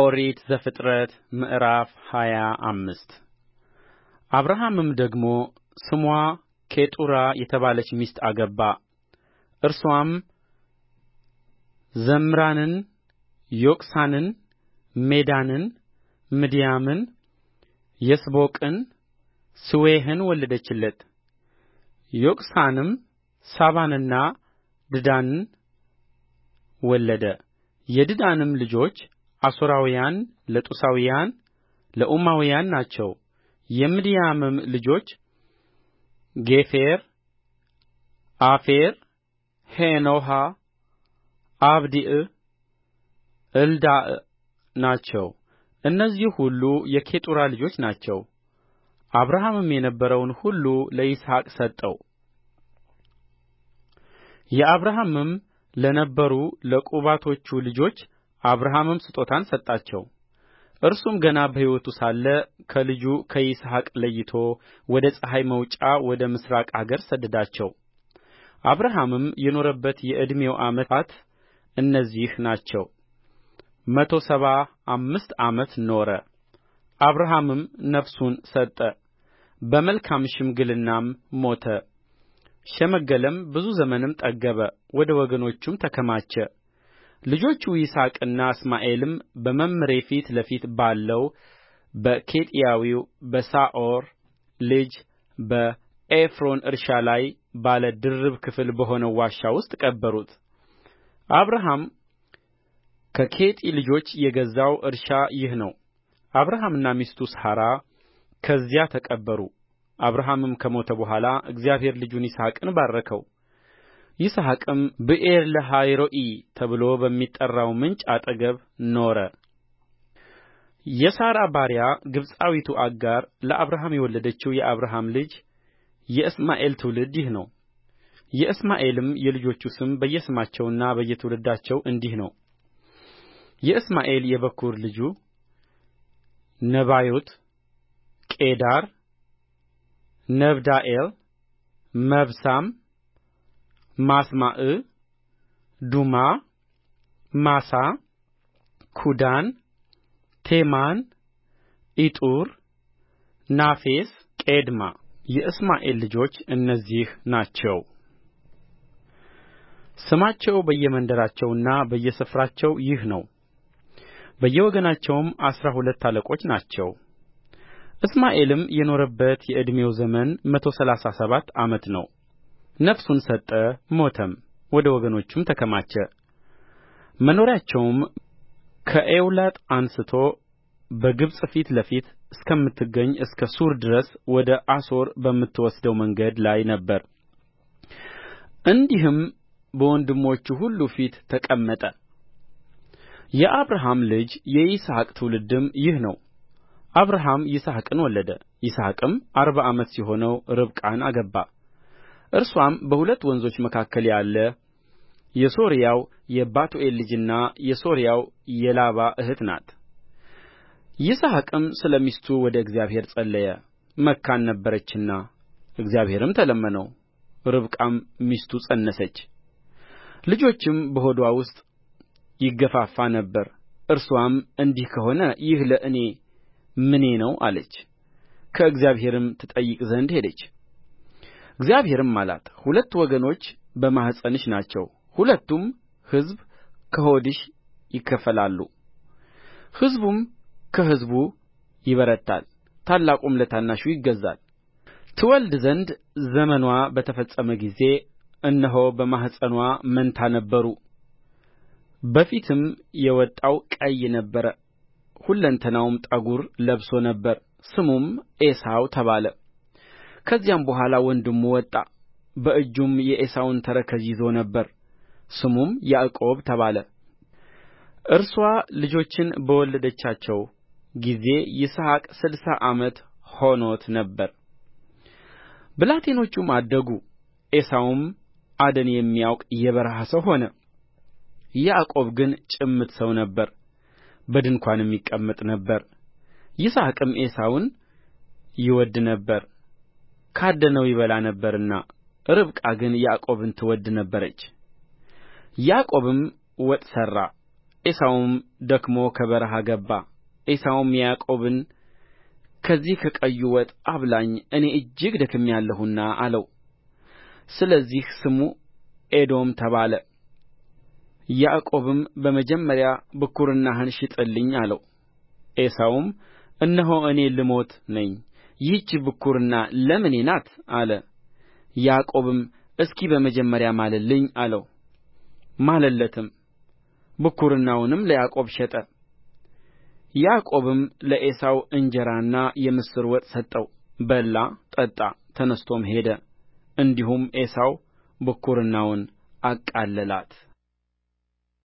ኦሪት ዘፍጥረት ምዕራፍ ሃያ አምስት አብርሃምም ደግሞ ስሟ ኬጡራ የተባለች ሚስት አገባ። እርሷም ዘምራንን፣ ዮቅሳንን፣ ሜዳንን፣ ምድያምን፣ የስቦቅን፣ ስዌህን ወለደችለት። ዮቅሳንም ሳባንና ድዳንን ወለደ። የድዳንም ልጆች አሦራውያን ለጡሳውያን ለኡማውያን ናቸው የምድያምም ልጆች ጌፌር አፌር፣ ሄኖኅ አቢዳዕ ኤልዳዓ ናቸው እነዚህ ሁሉ የኬጡራ ልጆች ናቸው አብርሃምም የነበረውን ሁሉ ለይስሐቅ ሰጠው የአብርሃምም ለነበሩ ለቁባቶቹ ልጆች አብርሃምም ስጦታን ሰጣቸው እርሱም ገና በሕይወቱ ሳለ ከልጁ ከይስሐቅ ለይቶ ወደ ፀሐይ መውጫ ወደ ምሥራቅ አገር ሰደዳቸው አብርሃምም የኖረበት የዕድሜው ዓመታት እነዚህ ናቸው መቶ ሰባ አምስት ዓመት ኖረ አብርሃምም ነፍሱን ሰጠ በመልካም ሽምግልናም ሞተ ሸመገለም ብዙ ዘመንም ጠገበ ወደ ወገኖቹም ተከማቸ ልጆቹ ይስሐቅና እስማኤልም በመምሬ ፊት ለፊት ባለው በኬጢያዊው በሰዓር ልጅ በኤፍሮን እርሻ ላይ ባለ ድርብ ክፍል በሆነው ዋሻ ውስጥ ቀበሩት አብርሃም ከኬጢ ልጆች የገዛው እርሻ ይህ ነው አብርሃምና ሚስቱ ሣራ ከዚያ ተቀበሩ አብርሃምም ከሞተ በኋላ እግዚአብሔር ልጁን ይስሐቅን ባረከው ይስሐቅም ብኤርለሃይሮኢ ተብሎ በሚጠራው ምንጭ አጠገብ ኖረ የሣራ ባሪያ ግብፃዊቱ አጋር ለአብርሃም የወለደችው የአብርሃም ልጅ የእስማኤል ትውልድ ይህ ነው የእስማኤልም የልጆቹ ስም በየስማቸውና በየትውልዳቸው እንዲህ ነው የእስማኤል የበኵር ልጁ ነባዮት፣ ቄዳር፣ ነብዳኤል፣ መብሳም ማስማዕ ዱማ ማሣ ኩዳን ቴማን ኢጡር ናፌስ ቄድማ የእስማኤል ልጆች እነዚህ ናቸው ስማቸው በየመንደራቸውና በየስፍራቸው ይህ ነው በየወገናቸውም አሥራ ሁለት አለቆች ናቸው እስማኤልም የኖረበት የዕድሜው ዘመን መቶ ሠላሳ ሰባት ዓመት ነው ነፍሱን ሰጠ ሞተም ወደ ወገኖቹም ተከማቸ መኖሪያቸውም ከኤውላጥ አንሥቶ በግብፅ ፊት ለፊት እስከምትገኝ እስከ ሱር ድረስ ወደ አሦር በምትወስደው መንገድ ላይ ነበረ እንዲህም በወንድሞቹ ሁሉ ፊት ተቀመጠ የአብርሃም ልጅ የይስሐቅ ትውልድም ይህ ነው አብርሃም ይስሐቅን ወለደ ይስሐቅም አርባ ዓመት ሲሆነው ርብቃን አገባ እርስዋም በሁለት ወንዞች መካከል ያለ የሶርያው የባቱኤል ልጅና የሶርያው የላባ እኅት ናት ይስሐቅም ስለ ሚስቱ ወደ እግዚአብሔር ጸለየ መካን ነበረችና እግዚአብሔርም ተለመነው ርብቃም ሚስቱ ፀነሰች ልጆችም በሆድዋ ውስጥ ይገፋፋ ነበር እርስዋም እንዲህ ከሆነ ይህ ለእኔ ምኔ ነው አለች ከእግዚአብሔርም ትጠይቅ ዘንድ ሄደች እግዚአብሔርም አላት ሁለት ወገኖች በማኅፀንሽ ናቸው ሁለቱም ሕዝብ ከሆድሽ ይከፈላሉ ሕዝቡም ከሕዝቡ ይበረታል ታላቁም ለታናሹ ይገዛል ትወልድ ዘንድ ዘመንዋ በተፈጸመ ጊዜ እነሆ በማኅፀንዋ መንታ ነበሩ በፊትም የወጣው ቀይ ነበረ ሁለንተናውም ጠጕር ለብሶ ነበር ስሙም ዔሳው ተባለ ከዚያም በኋላ ወንድሙ ወጣ በእጁም የዔሳውን ተረከዝ ይዞ ነበር ስሙም ያዕቆብ ተባለ እርስዋ ልጆችን በወለደቻቸው ጊዜ ይስሐቅ ስድሳ ዓመት ሆኖት ነበር ብላቴኖቹም አደጉ ዔሳውም አደን የሚያውቅ የበረሃ ሰው ሆነ ያዕቆብ ግን ጭምት ሰው ነበረ በድንኳንም ይቀመጥ ነበር ይስሐቅም ዔሳውን ይወድ ነበር ካደነው ይበላ ነበርና ርብቃ ግን ያዕቆብን ትወድ ነበረች ያዕቆብም ወጥ ሠራ ዔሳውም ደክሞ ከበረሃ ገባ ዔሳውም ያዕቆብን ከዚህ ከቀዩ ወጥ አብላኝ እኔ እጅግ ደክሜአለሁና አለው ስለዚህ ስሙ ኤዶም ተባለ ያዕቆብም በመጀመሪያ ብኵርናህን ሽጥልኝ አለው ዔሳውም እነሆ እኔ ልሞት ነኝ ይህች ብኵርና ለምኔ ናት አለ ያዕቆብም እስኪ በመጀመሪያ ማልልኝ አለው ማለለትም ብኵርናውንም ለያዕቆብ ሸጠ ያዕቆብም ለዔሳው እንጀራና የምስር ወጥ ሰጠው በላ ጠጣ ተነሥቶም ሄደ እንዲሁም ዔሳው ብኵርናውን አቃለላት